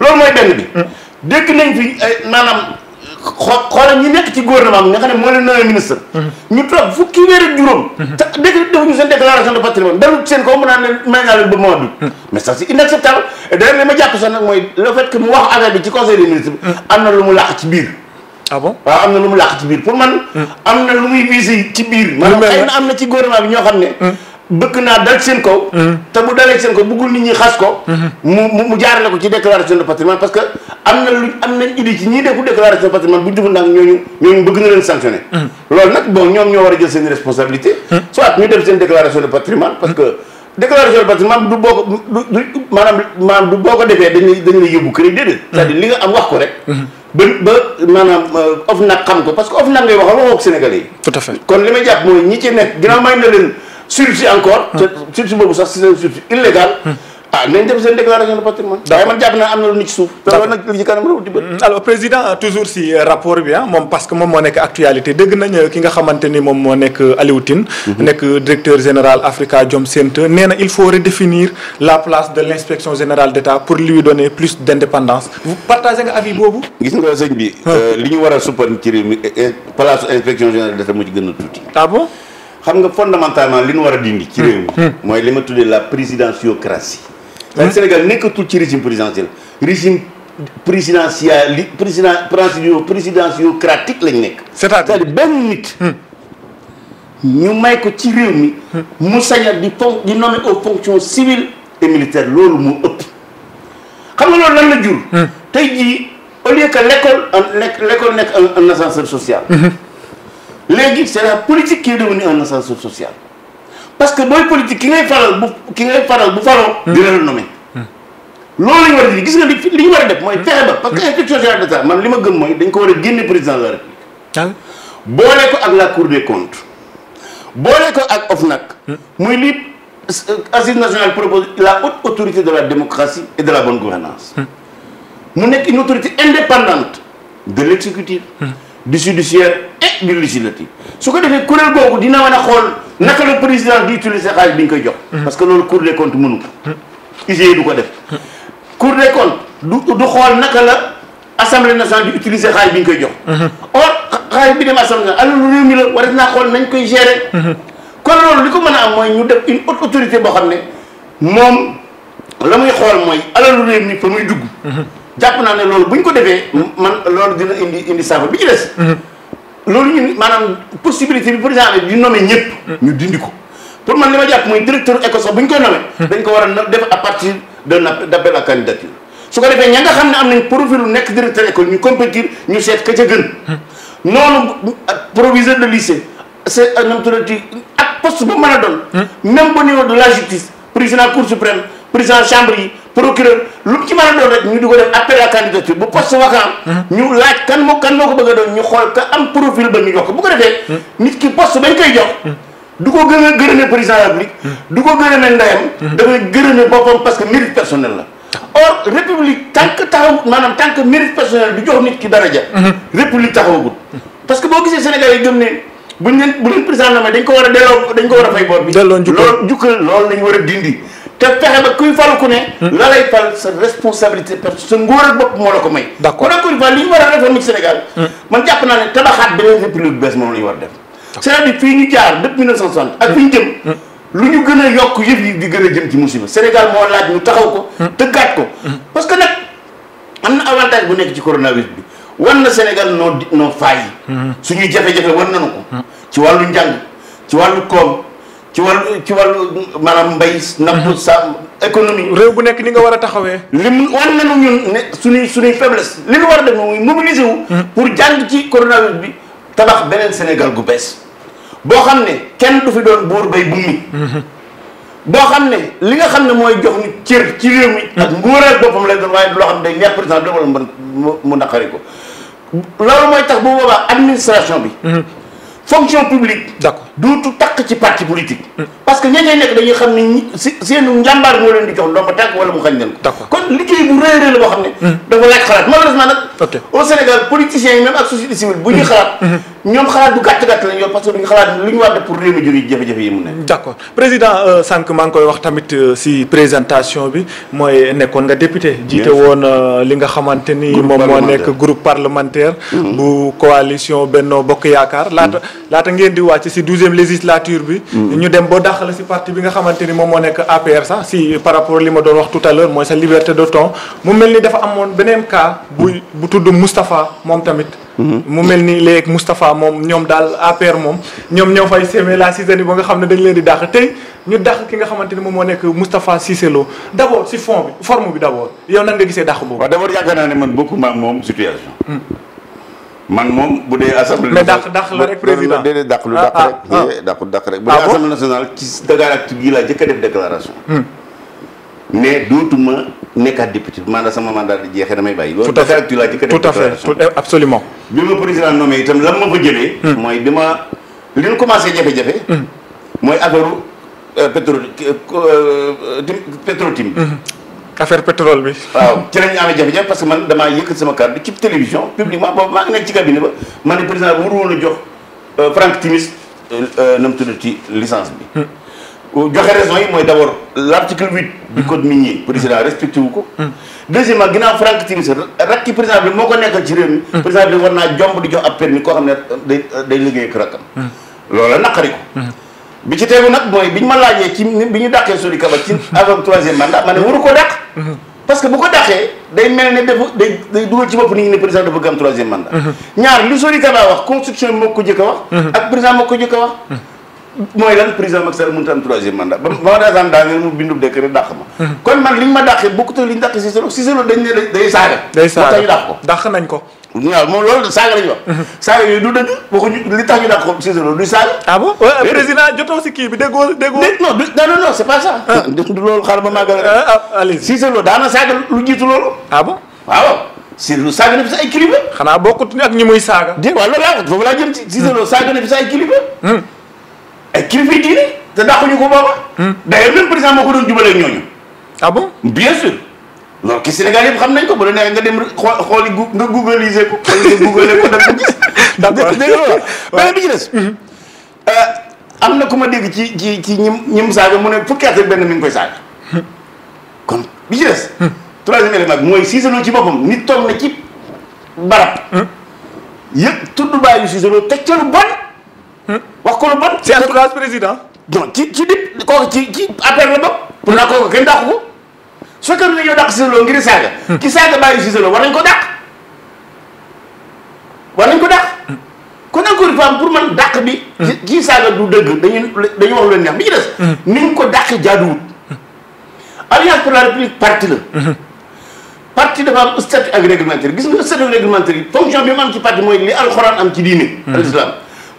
loolu mooy benn bi hmm. dégg nañ fi eh, maanaam xoo xoolal ñi nekk ci gouvernement bi bi ci conseil des am na lu mu làq ci biir. Ah waaw am na lu mu làq ci biir pour man. am na lu muy visé ci biir. lu mel ne maanaam am na ci gouvernement bi ñoo xam ne. Hmm. bëgg naa dal seen kaw. Mm-hmm. te bu dalee seen kaw bëggul nit ñi xas ko. Mm-hmm. mu mu jaarale ko ci déclaration de patrimoine parce que am na lu am nañ idée ci ñii defu déclaration de patrimoine bu ñu defoon daal ñooñu ñooñu bëgg na leen sanctionné. Mm-hmm. loolu nag bon ñoom ñoo war a jël seen responsabilité. soit ñu def seen déclaration de patrimoine parce que déclaration de patrimoine du boo ko du maanaam maanaam du boo ko defee dañ lay dañ lay yóbbu crédit déedéet. cest à li nga am wax ko rek. ba ba maanaam euh, OFNAC xam ko parce que OFNAC ngay wax kon li may jàpp nekk ginnaaw surtout encore. Hmm. te surtout boobu sax si seen surtout illégal. Hmm. ah nañ def seen déclaration de patrimoine. waaye man jàpp naa am na lu nit ci suuf. d' accord nag li ci kanam la dimbal. Hmm, alors président toujours si euh, rapport bi ah moom parce que moom moo nekk actualité dégg nañ euh, ki nga xamante ni moom moo nekk euh, Aliou Tine. directeur général Africa Jom Center nee il faut redéfinir la place de l'inspection générale d'État pour lui donner plus d'indépendance. vous partagez nga avis boobu. gis nga sëñ bi. li ñu war a suppar ci réew mi place inspection générale d'État état moo ci gën a tuuti. ah bon xam nga fondamentalement li a ci la présidentiocratie. Le Sénégal nekkatul ci régime présidentiel régime présidentiel président présidentiocratique lañ c'est-à-dire benn nit. Hmm. ñu may ko ci réew mi. Hmm. di di aux fonctions civiles et militaires loolu moo xam nga la hmm. au lieu que l'école en l'école ascenseur social. léegi c'est la politique qui est devenue un ascenseur social parce que booy politique ki ngay faral bu ki ngay faral bu faroo. Hmm. dina la nommer. Hmm. loolu la ñu gis nga li li ñu war a def mooy hmm. fexe ba. parce que institution générale d'État man li ma gën mooy dañ ko war a génne président de la République. Ah. boole ko ak la cour des comptes. boole ko ak OFNAC. muy li euh, assise nationale propose la haute autorité de la démocratie et de la bonne gouvernance mu nekk une autorité indépendante de l'exécutif. du judiciaire et du législatif su ko defee kuréel googu dina mën a xool naka la président di utiliser xaalis bi ñu koy jox. parce que loolu cour des comptes mënu ko. UG du ko def. cour des comptes du du xool naka la assemblée nationale di utiliser xaalis bi ñu koy jox. or xaalis bi dem assemblée nationale alalu réew mi la war naa xool nañ koy gérer. kon loolu li ko mën a am mooy mu def une haute autorité boo xam ne moom la muy xool mooy alalu réew mi fa muy dugg. jàpp naa ne loolu bu ñu ko defee man loolu dina indi indi saafara bi mhm. loolu ñu maanaam possibilité bi président bi di nommer ñëpp mhm. ñu dindi ko pour man li ma jàpp muy directeur ECOSOC bu ñu ko nommer mhm. dañ ko war a def à partir d'un appel à candidature su ko defee ña nga xam ne am nañ profil lu nekk directeur école ñu compétir ñu seet ka ca gën noonu proviseur de lycée c'est euh, nam tudati ak poste bu mën a doon même au de la justice président cour suprême président chambre yi procureur lu ci mëna do rek ñu dugo def appel à candidature bu poste vacant hmm. ñu laaj kan mo kan moko bëgg doon ñu xol ka am profil ba ñu jox bu ko defé hmm. nit ki poste bañ koy jox hmm. du ko gëna gërëne président république du ko gërëne ndayam da koy gërëne bopam parce que mérite personnel la or république tank taw manam tank mérite personnel du jox nit ki dara ja république taxawagut parce que bo gisé sénégalais gëm né buñu buñu président la may dañ ko wara délo dañ ko wara fay bor bi lool jukkal lool lañ wara dindi te fexe ba kuy falu ku ne. Hmm. la lay fal sa responsabilité parce sa ngóor ak bopp moo la ko may. d' accord kon encore une fois ñu war a réformer ci Sénégal. Hmm. man jàpp naa ne tabaxaat beneen république bu bees moom la ñu war def. c' est à dire lu ñu gën a yokk yëpp yi di gën a jëm ci musiba Sénégal moo laaj ñu taxaw ko. Hmm. tëggaat ko. parce que nag am na avantage bu nekk ci coronavirus bi war na Sénégal noo di noo faay. suñuy jafe-jafe war nañu ko. ci wàllu njàng ci wàllu koom. ci wàllu ci wàllu maanaam mbay napp mhm. sa économie réew bu nekk ni nga war a taxawee li mu wan nañu ñun ne suñuy suñuy faiblesse li ñu war a def mooy mobiliser wu mhm. pour jàng ci coronavirus bi tabax beneen Sénégal gu bees boo xam ne kenn du fi doon buur bay bu mi mhm. boo xam ne li nga xam ne mooy jox ñu ci réew mi ak nguuraat boppam lay doon waaye loo xam ne day neex président dogal mën mu naqari ko loolu mooy tax bu boobaa administration bi fonction publique dutu tak ci parti politique parce que ñeñe nek dañuy xamni seenu njambar njàmbaar leen di jox ndomba tak wala mu xagn leen kon liggey bu reey reey la boo xam hmm. dafa laaj xalat malheureusement nak au Sénégal politiciens même ak société civile bu ñu hmm. xalat hmm. ñom xalat bu gatt gatt lañ yor parce que duñu xalat lu ñu pour réew mi jóge jafe-jafe yi mu ne d'accord président euh, sank maa koy wax tamit euh, si présentation bi moy nekkon nga député jité won euh, li nga xamanteni mom mo nek groupe parlementaire bu coalition Benno Bokk Yaakaar laata laata ngeen di wacc si 12 deuxième législature bi. Mm. ñu dem ba dàq la si parti bi nga xamante ni moom moo nekk APR sax si par rapport li ma doon wax tout à l'heure mooy sa mel ni dafa amoon beneen cas bu mm. bu tudd Moustapha moom tamit. Mm-hmm. mu mel ni léegi Moustapha moom ñoom daal APR moom ñoom ñoo fay semer la zizanie ba nga xam ne dañ leen di dàq tey ñu dàq ki nga xamante moo nekk Moustapha Cissé Lo d' abord si bi d' abord yow nan nga gisee dàq boobu. waaw naa ne man bokkuma ak moom situation. Mm. man moom bu dee assemblée. mais dàq dàq la rek président déedéet dàq lu ah, ah, ah. dàq rek. ah dàqu dàq bu dee assemblée nationale ci Dakar ak ci laa jëkk a def déclaration. mais hmm. dootuma nekkaat député maanaam sama mandat di jeexee damay bàyyi. loolu a def déclaration tout absolument. bi ma président nommé itam lan ma fa jëlee. Hmm. mooy bi ma li ñu commencé jafe-jafe. Hmm. mooy affaire euh, pétrole euh, euh, pétrotim. affaire pétrole bi. waaw ci la ñu amee jafe-jafe parce que man damaa yëkkat sama kàddu ci télévision publiquement boobu maa ngi nekk ci cabinet ba man ne président bi waru a jox euh, Franck Timis euh, euh, na mu tudd ci licence bi. Hmm. joxe raison yi mooy d' abord l' article huit. du hmm. président respecté ko. Hmm. deuxièmement ginnaaw Franck Timis rakki président bi moo ko nekkal ci mi. président war naa jomb di jox ab permis koo xam ne day day liggéey ak rakkam. loola naqari bi ci tegu nag mooy bi ñu ma laajee ci bi ñu dàqee Sory Kaba ci avant troisième mandat ma ne waru ko dàq. parce que bu ko dàqee day mel ne dafa day dugal ci bopp nit ñi ne président dafa bëgg troisième mandat. ñaar li Sory Kaba wax constitution moo ko jëkk a wax. ak président moo ko jëkk wax. mooy lan président Macky Sall mënut a am troisième mandat ba ma mu bindu décret dàq ma. Hmm. kon man li ma dàqee bokkut ak li ñu dàqee Cissé Cissé saaga. day président jotoo si kii bi déggoo déggoo. non du ah. ah, ah, saaga lu fi sa ay xanaa bokkut ak ñi muy saaga. dégg laa foofu laa jëm ci. Cissé hmm. saaga na fi sa ay ay kilifa diine te dàquñu ko booba. Hmm. d'ailleurs même président moo ko doon jubaleeg ñooñu. ah bon bien sûr. loolu ki Sénégal yëpp xam nañ ko bu la neexee nga dem xool xooli gu nga googliser ko xool nga googliser ko da nga gis. Hmm. Euh, am na ku ma dégg ci ci ci ñim ñim saaga mu ne fukki at ak benn mi ngi koy saaga. Hmm. kon bi ci des. troisième élément bi mooy Cissé Lo ci boppam nit toog na ci barab. yëpp tudd bàyyi Cissé Lo teg ca lu bon. wax ko lu bon. ci entourage président. non ci ci dip ko ci ci affaire la bopp. pour naa kooku kenn ko. su fekkee ne dañoo dàq Cissé Lo ngir saaga. Hmm. ki saaga bàyyi Cissé Lo nañ ko dàq. war nañ ko dàq. kon encore une fois pour man dàq bi. Hmm. ki ci saaga du dëgg dañu dañu wax lu leen neex bi ci des. ñu hmm. ko dàq jaaduwut. alliance pour la république parti la. parti dafa am statut ak réglementaire gis nga statut réglementaire yi fonction bi mu am ci parti mooy li alxuraan am ci diine. al islam.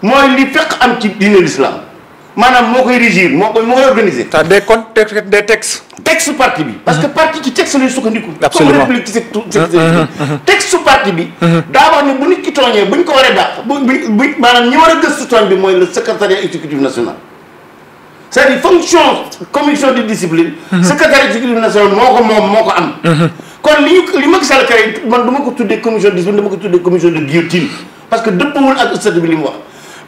Moi, li fait am ci diine l'islam maanaam moo régir moo koy organiser. des con des textes. texte parti bi. parce que parti ci texte lay sukkandiku. absolument comme république ci hum, hum, hum, texte parti bi. daa wax bonique bu nit ki tooñee buñ ko bon, dàq bu ni bu maanaam ñi bi mooy le secrétaire exécutif national. c'est-à-dire fonction commission de discipline. secrétaire exécutif national moi, ko moi, moo quand am. kon li ñu li Macky Sall créé man du ma ko tuddee commission de discipline dama ko tuddee commission de guillotine. parce que dëppawul ak statut bi de mu wax.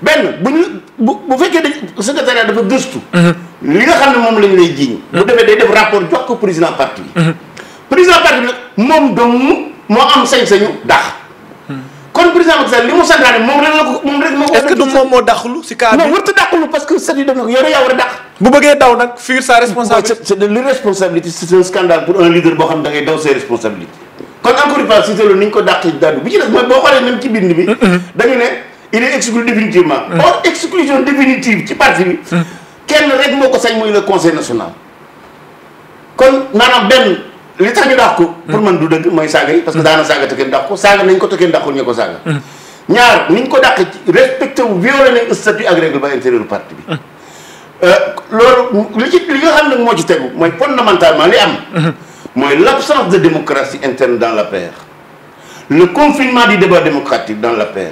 Ben, buñu bu bu fekkee dañ dafa gëstu. li nga xam mom lañ lay jiiñ. bu defee day def rapport jox ko président parti président parti bi nag moom dong moo am sañ-sañu dax kon président Macky Sall li mu santaane rek la ko moom rek mako est-ce que du mom mo daxlu ci cadre bi non warut a parce que sañu à dire nag yow yaa bu bëggee daw nak fuir sa responsabilité. c'est de l'irresponsabilité c'est un scandale pour un leader bo xam da ngay daw ses responsabilités. kon encore une fois si loolu ni ko daxé daal bi ci des mooy bo xolé même ci bind bi. dañu né il est exclu définitivement. or exclusion définitive Tu parti bi. rek règlement le conseil national. Comme, maanaam benn li pour man dire que parce que daana saaga te ko ñaar niñ ko respecté violé statut d'accord, je parti bi. Euh, loolu que li nga fondamentalement de démocratie interne dans la paix. le confinement du débat démocratique dans la paix.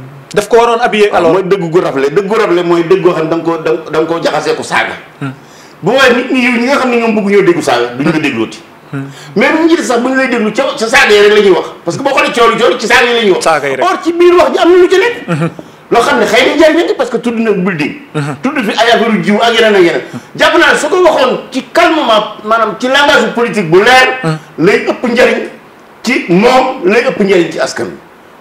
daf ko waron habillé ah, alors moy dëgg gu rafle dëgg gu rafle mooy dëgg goo xam dang ko dang ko jaxassé ko saga hmm. bu waaye nit ñi yu nga xam ne ñoom bëgg ñoo déglu saaga duñu deggu déglooti hmm. mais bu jitt sax bu ñu lay deggu ci sa saaga rek lañuy wax parce que bo xoolee ciolu coow ci saga lañuy wax or ci biir wax ji am na lu ci nekk hmm. loo xam ne xëy na parce que tuddu na building tuddu fi ay ru jiw ak yeneen ak yeneen japp na su ko waxon ci calmement manam ci langage politique bu leer lay ëpp njëriñ ci mom lay ëpp njëriñ ci askan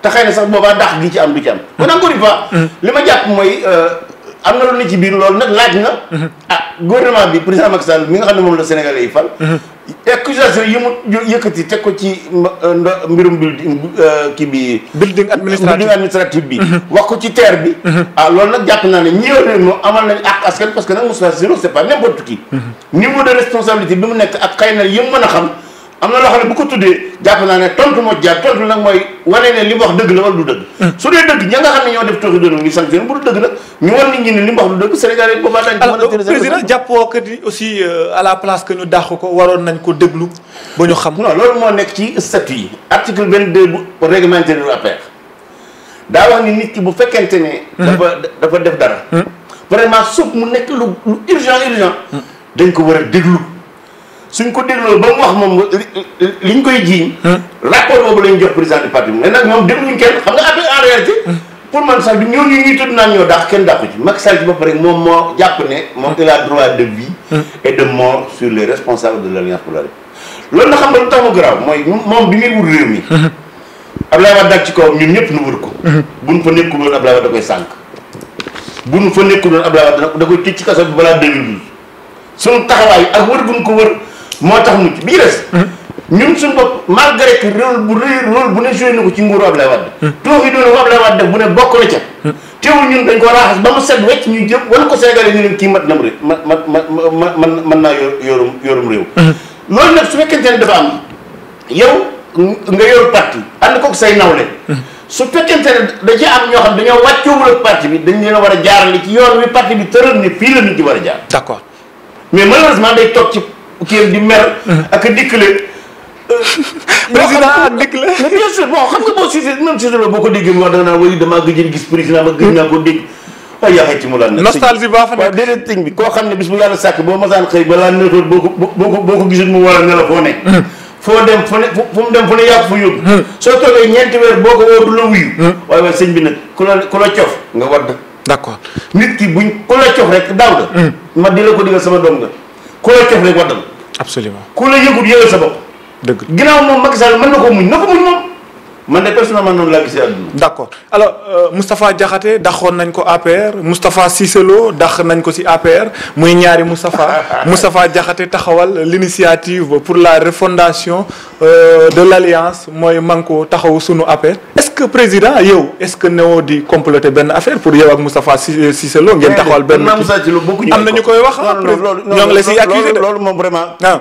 te xëy sax boobaa dax gi ci am du ci am. Mm-hmm. kon encore une fois. Mm-hmm. li ma jàpp mooy euh, am na lu ne ci biir loolu nag laaj na. Mm-hmm. ah gouvernement bi président Macky Sall mi nga xam ne moom la Sénégalais yi fal. accusation yi mu yëkkati teg ko ci euh, mbirum building euh, kii bi. building administratif building administratif bi. wax ko ci terre bi. ah loolu nag jàpp naa ne ñëw nañ moom amal nañ ak askan parce que nag Moustapha Cissé Lô c'est pas n'importe qui. niveau de responsabilité bi mu nekk ak xëy na yëpp mën a xam. amna lo xamne bu ko tuddé japp na né tontu mo japp tontu nak moy wane né li wax dëgg la wala du dëgg hmm. su dé dëgg ña nga xamne ño def tooxi doon ngi sanctionné bu du dëgg nag ñu war nit ñi ne li mu wax du dëgg Sénégal yi boobaa dañ ko président wo que di aussi euh, à la place que ñu dakh ko waron nañ ko déglu ba ñu xam non loolu mo nekk ci statut yi article 22 bu réglementaire du APR da wax ni nit ki bu fekkenté né hmm. dafa dafa def dara hmm. vraiment suuf mu nekk lu urgent urgent dañ ko wara a suñ ko dégloo ba mu wax moom liñ koy jiiñ rapport boobu lañ jox président du parti mais nag moom dégluñ kenn xam nga après kenn moo jàpp ne moom il a droit de vie et de mort sur les na xam nga lu tax mu garaaw mooy moom bi muy wut réew mi Abdoulaye Wade ci kaw ñun ñëpp nu wut ko buñ fa nekkul woon Abdoulaye Wade da koy sànq buñ fa nekkul woon Abdoulaye Wade da koy tëj ci kaso bi balaa 2012 suñu taxawaay ak wër buñ ko wër moo tax mucc bi des hmm. ñun suñu bopp malgré que rôle bu rëy rôle bu ne joué na ko ci nguuru Abdoulaye Wade hmm. tooxi doon ko Abdoulaye Wade def bu ne bokk na ca hmm. teewul ñun dañ ko raxas ba mu set wecc ñuy jëm wala ko Sénégalais ñu ne kii mat nam réew ma ma ma ma mën naa yor yorum yorum réew loolu nag su fekkente ne dafa am yow nga yor parti ànd kook say nawle su fekkente ne da ci am ñoo xam dañoo wàccoowul ak parti bi dañ leen a war a jaarale ci yoon wi parti bi tëral ne fii la nit ci mais malheureusement day toog kii di mer. ak a dikkale. président ak xam nga boo Cissé même Cissé Lo boo ko déggee mu wax danga naan woy damaa gëj gis président ma gëj koo xam ne bis bu yàlla sàkk boo masaan xëy balaa nekkoon boo ko boo ko boo ko gisul mu war a nelaw foo nekk. foo dem fu mu dem fu ne yàgg fu yóbbu. Hmm. soo toogee ñeenti weer boo ko woo du la wuyu. Hmm. waaye waaye sëñ bi nag ku la ku la cof nga wadd. d'accord nit ki buñ ku la cof rek daaw da. Hmm. ma di la ko digal sama doom nga ku la cof rek waddal. absolument ku la yëgut yëgal sa bopp. dëgg ginnaaw moom Macky Sall mën na ko muñ na ko muñ moom. man de la alors euh, Moustapha Diakhaté Dakota nañ ko APR Moustapha sisselo dax ko si APR muy ñaari Moustapha pour la refondation euh, de l'alliance moy Manko taxawu sunu APR. est ce que président yow est ce que néo dit comploter ben affaire pour yow ak Moustapha euh, Non, taxawal ben am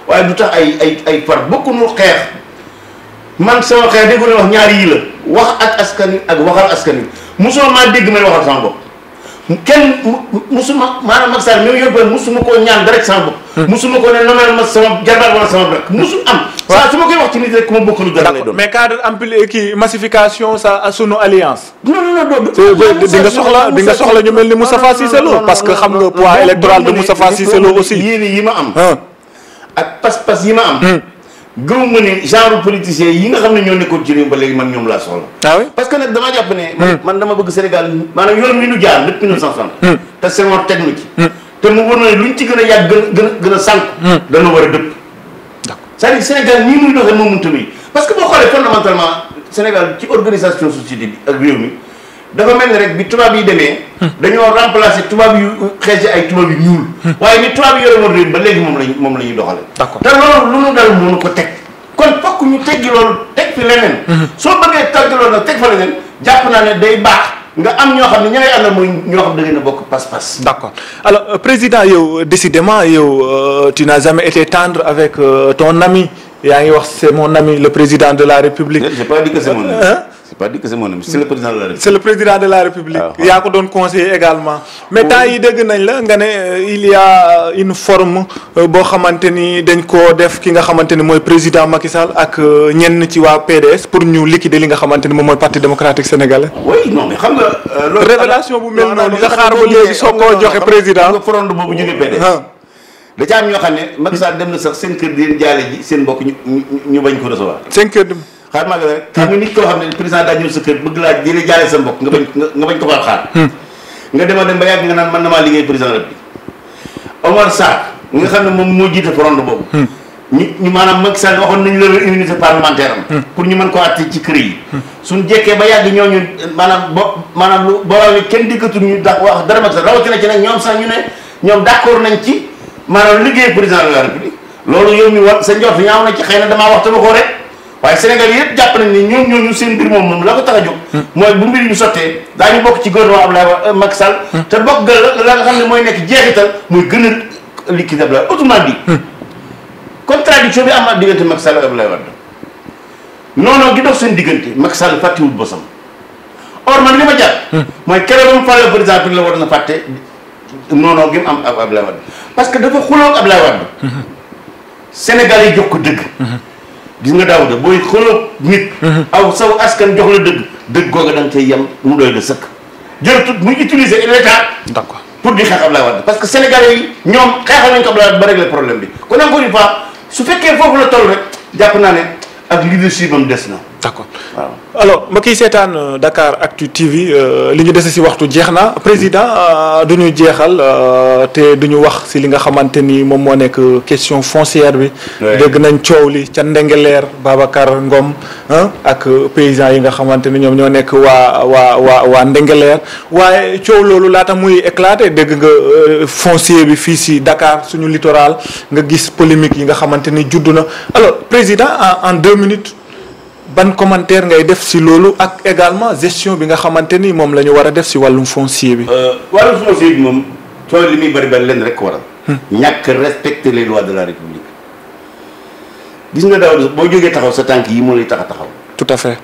waaye du tax ay ay ay far bokkuñu xeex man sama xeex dégg nga wax ñaari yii la wax ak askan wi ak waxal askan wi mosuma maa dégg may waxal sama bopp kenn musuma maanaam Macky Sall mi musuma koo ñaan dara sama bopp. Hmm. musuma ko ne nommé ma sama jarbaat wala sama brak musu am. waaw su ma koy wax ci nit rek ku ma bokkul dara lay doon. cadre ampli euh, kii massification sa sunu alliance. non nga soxla di nga soxla ñu mel parce que xam nga poids électoral de Moustapha Cissé ak pas-pas yi ma am. Hmm. gëw ma ne genre politicien yi nga xam ne ñoo nekkoon ci réew ba léegi man ñoom laa soxla. ah oui parce que nag damaa jàpp ne. man hmm. dama bëgg Sénégal maanaam yoon mi nu jaar lépp 1960. Hmm. te Senghor teg na ci. te mu war na ne luñ ci gën a yàgg gën a gën a gën a sànq. dana war a dëpp. d'accord cest à Sénégal nii muy doxee moo mënta nuyu parce que boo xoolee fondamentalement Sénégal ci organisation société bi ak réew mi. dafa mel ni rek bi tubaab yi demee. dañoo remplacer tubaab yu xees ay tubaab yu ñuul. waaye ni tubaab yi yore woon réew ba léegi moom lañ moom la ñuy doxalee. d'accord te loolu lu nu dal mënu ko teg. kon fokk ñu teggi loolu teg fi leneen. Mhm. soo bëggee tàgg loolu nag teg fa leneen jàpp naa ne day baax. nga am ñoo xam ne ña ngay àndal mooy ñoo xam da ngeen a bokk pas-pas. d'accord alors euh, président yow euh, décidément yow euh, tu n'as jamais été tendre avec ton ami yaa ngi wax c'est mon ami le président de la République. j'ai pas dit que c'est mon ami. Hein? c'est pas dit que c'est mon le président de la république. Ah, ah. yaa ko doon conseiller également. mais temps yi dégg nañ la nga ne euh, il y a euh, boo xamante ni dañ koo def ki nga xamante ni mooy président Macky Sall ak euh, ñenn ci waa PDS pour ñu liquider li nga xamante ni moom mooy parti démocratique sénégalais. oui non mais xam nga. loolu révélation bu mel noonu nga xaar ba léegi soo koo joxe président nga front boobu jóge PDS. Ah. da ca am ñoo xam ne Macky Sall dem na sax seen kër di leen jaale seen mbokk ñu ñu bañ ko recevoir. seen kër xaar maa ngi xam nga nit koo xam ne président daa ñëw sa kër bëgg laa di la jaale sa mbokk nga bañ nga bañ ko xaar nga dem ba nga naan man liggéey président Omar sah, nga xam hmm. hmm. hmm. ne moom moo front boobu ñu ñu maanaam Macky Sall waxoon parlementaire pour ñu ko àtte ci kër yi suñ jekkee ba yàgg ñooñu maanaam bo maanaam lu boolaa ne kenn dikkatul ñu da wax dara ci sax ñu ne ñoom d'accord nañ ci maanaam liggéey président de la république loolu sa ñaaw na ci rek waaye Sénégal yëpp jàpp nañ ni ñoom ñooñu seen mbir moom moom la ko tax a jóg hmm. mooy bu mbir ñu sottee daañu bokk ci gouvernement Abdoulaye euh, mag sal hmm. te bokk gën la nga xam ne mooy nekk jeexital muy gën a liquide Abdoulaye autrement dit hmm. contradiction bi am ak diggante Macky Sall ak Abdoulaye Wade noonu gi dox seen diggante Macky Sall fàttewul bosam or man li ma jàpp mooy keroog mu fàlle président bi la war na fàtte noonu gi mu am ak Abdoulaye Wade parce que dafa xuloo ab Abdoulaye Wade Sénégal yi jox ko dëgg gis nga daawuda booy xoloog nit mhm. aw saw askan jox la dëgg dëgg googa da nga cay yem mu doy la sëkk jërëjëf muy utiliser l'état d'accord pour di xeex Abdoulaye Wade parce que sénégal yi ñoom xeexal nañ ko Abdoulaye Wade ba régler problème bi kon encore une fois su fekkee foofu la toll rek jàpp naa ne ak leadership am des na d'accord alors mbokk setan euh, Dakar Actu TV euh, li ñu dese si waxtu jeex na président euh, duñu te duñu wax si li nga xamante la moom moo nekk question foncière bi. dégg nañ coow li ca Ndengeleer Babacar Ngom la paysans yi nga xamante ni ñoom Wa nekk waa waa waa waa Ndengeleer waaye coow loolu laata muy éclaté la nga foncier bi fii si Dakar suñu littoral nga gis polémique yi nga xamante alors président en deux minutes ban commentaire ngay def ci lolu ak également gestion bi nga xamanteni mom lañu wara def ci walum foncier bi. Euh, walum foncier mom toy limi bari muy len rek waral. Hmm. ñak respecter les lois de la république. gis nga daw bo jógee taxaw sa tank yi mo lay taxaw taxaw. tout à fait.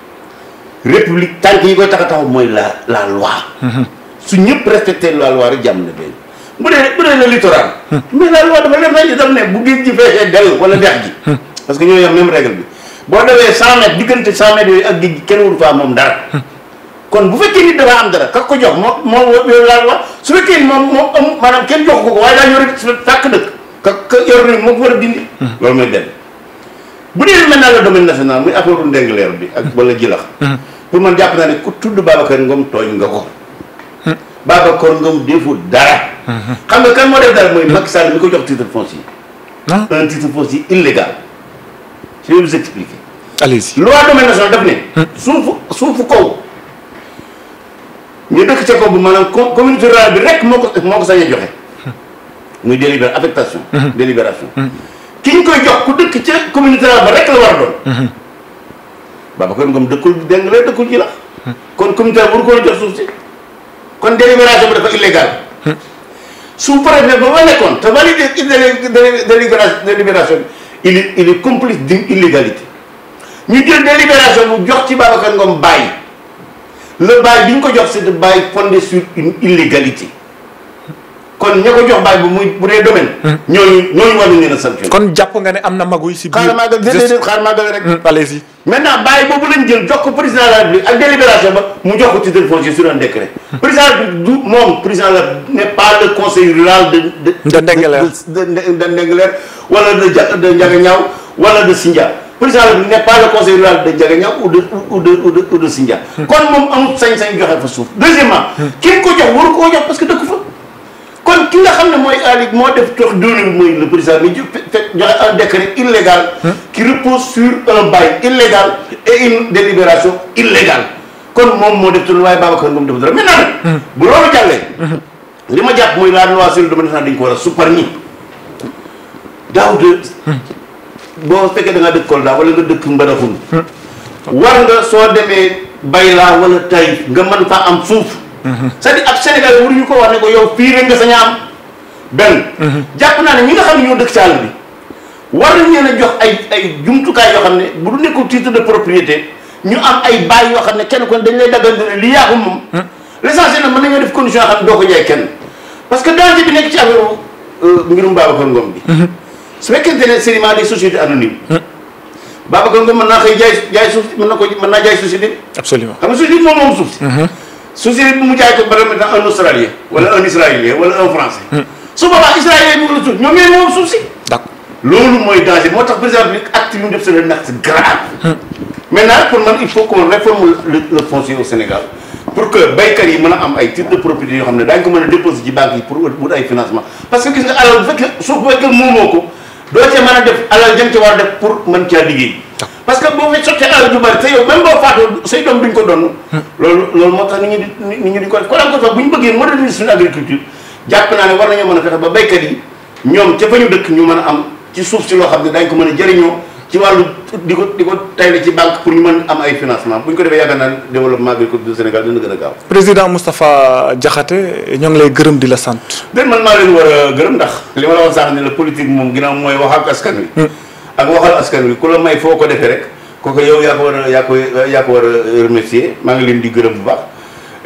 république tank yi koy taxaw taxaw moy la la loi. Hmm. su ñepp respecter la loi rek jamm na benn bu dé bu dé le littoral. Hmm. mais la loi dafa lay fay daf ne bu géej ci fexé dell wala dex gi. parce que ñoy yor même règle bi. boo dawee 100 mètres diggante 100 mètres yooyu ak géej gi kenn wul faa moom dara. kon bu fekkee nit dafa am dara kak ko jox moom moom yow laa wax su fekkee moom moom am maanaam kenn jox ko ko waaye daa yore tàkk dëkk. kak yor na moo ko war a dindi. Hmm. loolu mooy benn. bu dee lu mel ne le domaine national muy apport ndengleer bi ak wala jilax hmm. pour man jàpp naa ne ku tudd Babacar Ngom tooñ nga ko. Hmm. Babacar Ngom deful dara. xam nga kan moo def dara mooy Macky Sall mi ko jox titre foncier. Ah. un titre foncier illégal. je vais vous expliquer. allez-y loi domaine national daf ne. suufu suufu kaw. ñu dëkk ca kaw bi maanaam com communauté rurale rek moo ko moo ko a joxe. muy délibér affectation. délibération. ki ñu koy jox ku dëkk ca communauté rurale rek la war a doon. Babacar Ngom dëkkul deng la dëkkul ji la. kon communauté rurale waru ko jox suuf si. kon délibération bi dafa illégal. su préfet ba ma nekkoon te validé délibération il est complice d'une illégalité Nous une délibération nous jox ci Babacar Ngom bàyyi le bail Le ñu c'est de bail fondé sur une illégalité kon ña ko jox baay bu muy bu dee domaine. Hmm. ñooñu ñooñu war nañ leen a sanctionné. kon jàpp nga ne am na maguy si biir. xaaral maa gën déedéet xaaral maa gën rek. Hmm, allez-y. maintenant jël jox ko président de la république ak délibération ba mu jox ko titre foncier sur un décret. Hmm. président du moom président la n'est pas le conseil rural de. de de Ndengler de de Ndengler wala de ja de Ndiaganiao wala de Sindia la n'est pas le conseil rural de Ndiaganiao ou de ou kon moom sañ-sañ joxe fa suuf. deuxièmement ki ko kon ki nga xam ne mooy Alick moo def tox diwlin mooy le président bi fekk joxe un décret illégal qui repose sur un bail illégal et une délibération illégale kon moom moo def te lu waaye Babacar Ngom dafa dara maintenant bu loolu jàllee li ma jàpp mooy laa loi sur le domaine dañ ko war a suppar ñi daaw boo fekkee da ngaa dëkk Kolda wala nga dëkk Mbadakhoune war nga soo demee Bayla wala Tay nga mën faa am suuf c'est-à-dire ab Sénégal waruñu ko wax ne ko yow fii rek a am benn. jàpp naa ne ñi nga xam ne ñoo dëkk ci bi war nañu leen jox ay ay jumtukaay yoo xam ne bu du nekkul titre de propriété ñu am ay bail yoo xam ne kenn kon dañ lay daggal li yaaxu moom. l'essentiel nag mën nañoo def condition yoo xam ne doo ko jaay kenn parce que danger bi nekk ci affaire euh, mbirum Babacar Ngom bi. su fekkente ne sédiment des sociétés anonymes. Babacar Ngom mën naa xëy na ko mën naa xam nga société moom moom société bi mu jaay ko par exemple un australien wala un israélien wala un français. Hmm. su boobaa mu ngi moom suuf loolu mooy danger moo tax président bi acte yi mu def c'est un acte grave. Hmm. maintenant pour man il faut qu'on réforme le foncier au Sénégal pour que baykat yi mën a am ay titres de propriété yoo xam ne daañu ko mën a déposer ci banque yi pour wut ay financement parce que gis nga alal bu fekkee suuf bu fekkee moomoo ko doo a def alal jëm ca war a def pour mën caa liggéey. parce que boo fi sottee alal ju bari te yow même boo faatoo say doom duñ ko doon. Hmm. loolu loolu moo tax nit ñi di nit ñi ko def kon am ko sax bu ñu bëggee moderniser suñu agriculture jàpp naa ne war nañoo mën a fexe ba béykat yi ñoom ca fa ñu dëkk ñu mën a am ci suuf si loo xam ne dañ ko mën a jëriñoo ci wàllu di ko di ko tayle ci banque pour ñu mën am ay financement bu ñu ko defee yaakaar naa développement agricole du Sénégal dina gën a gaaw. président ñoo ngi lay gërëm di la sant. déedéet man maa leen war gërëm ndax. li ma la wax sànq ne la politique moom ginnaaw mooy wax ak askan wi hmm. ak waxal askan wi ku la may foo ko defee rek kooku yow yaa ko war a yaa ko yaa ko war a remercier maa ngi leen di gërëm bu baax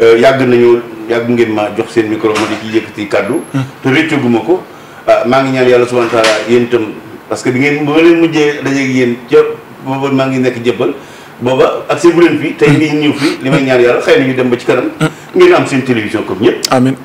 euh, yàgg nañu yàgg ngeen ma jox seen micro ma di ci yëkkati kàddu hmm. te réccuguma ko euh, maa ngi ñaan yàlla subhanahu wa taala yéen parce que bi ngeen ba leen mujjee dajeeg yéen ca booba maa ngi nekk jëppal booba ak seen bu leen fii tey ngeen ñëw fii li may ñaan yàlla xëy na ñu dem ba ci kanam hmm. ngeen am seen télévision comme ñëpp amiin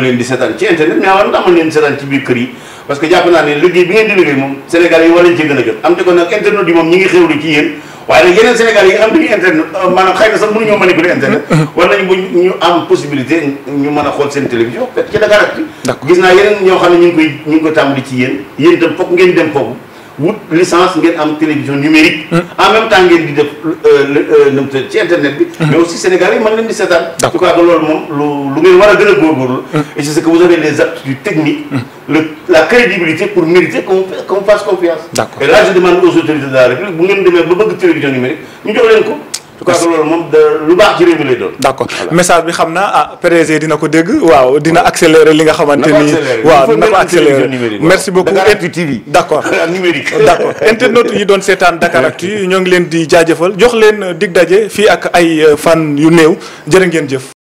leen di seetaan ci internet mais awa ndax mën yi parce que jàpp naa ne liggéey bi ngeen di liggéey moom Sénégal yi war nañ cee gën a jot am te kon nag internet yi moom ñi ngi xewlu ci yéen waaye yeneen Sénégal yi nga xam dañuy internet euh, maanaam xëy na sax mënuñoo manipuler internet war nañ bu ñu am possibilité ñu mën a xool seen télévision ci Dakaractu gis naa yeneen ñoo xam ne ñu ngi koy ñu ngi ci yéen yéen itam foog ngeen dem foofu wut licence ngeen am télévision numérique. Hum. en même temps ngeen di def euh, euh, nu ci internet hum. mais aussi sénégalais, yi mën leen di seetaan. en tout cas dans le monde, le ngeen war a gën hum. et c'est ce que vous avez les aptitudes techniques. le la crédibilité pour mériter qu'on qu' fasse confiance. et là je demande aux autorités de la République vous ngeen demee de télévision numérique ñu de leen tout cas loolu moom lu baax ci message bi xam na ah PDG dina ko dégg waaw dina accélérer li nga xamante ni. waaw na ko accélérer merci beaucoup Dakaractu TV d' accord numérique d' accord internet yi doon seetaan Dakaractu ñoo ngi leen di jaajëfal jox leen dig daje fii ak ay fan yu néew jërë ngeen jëf.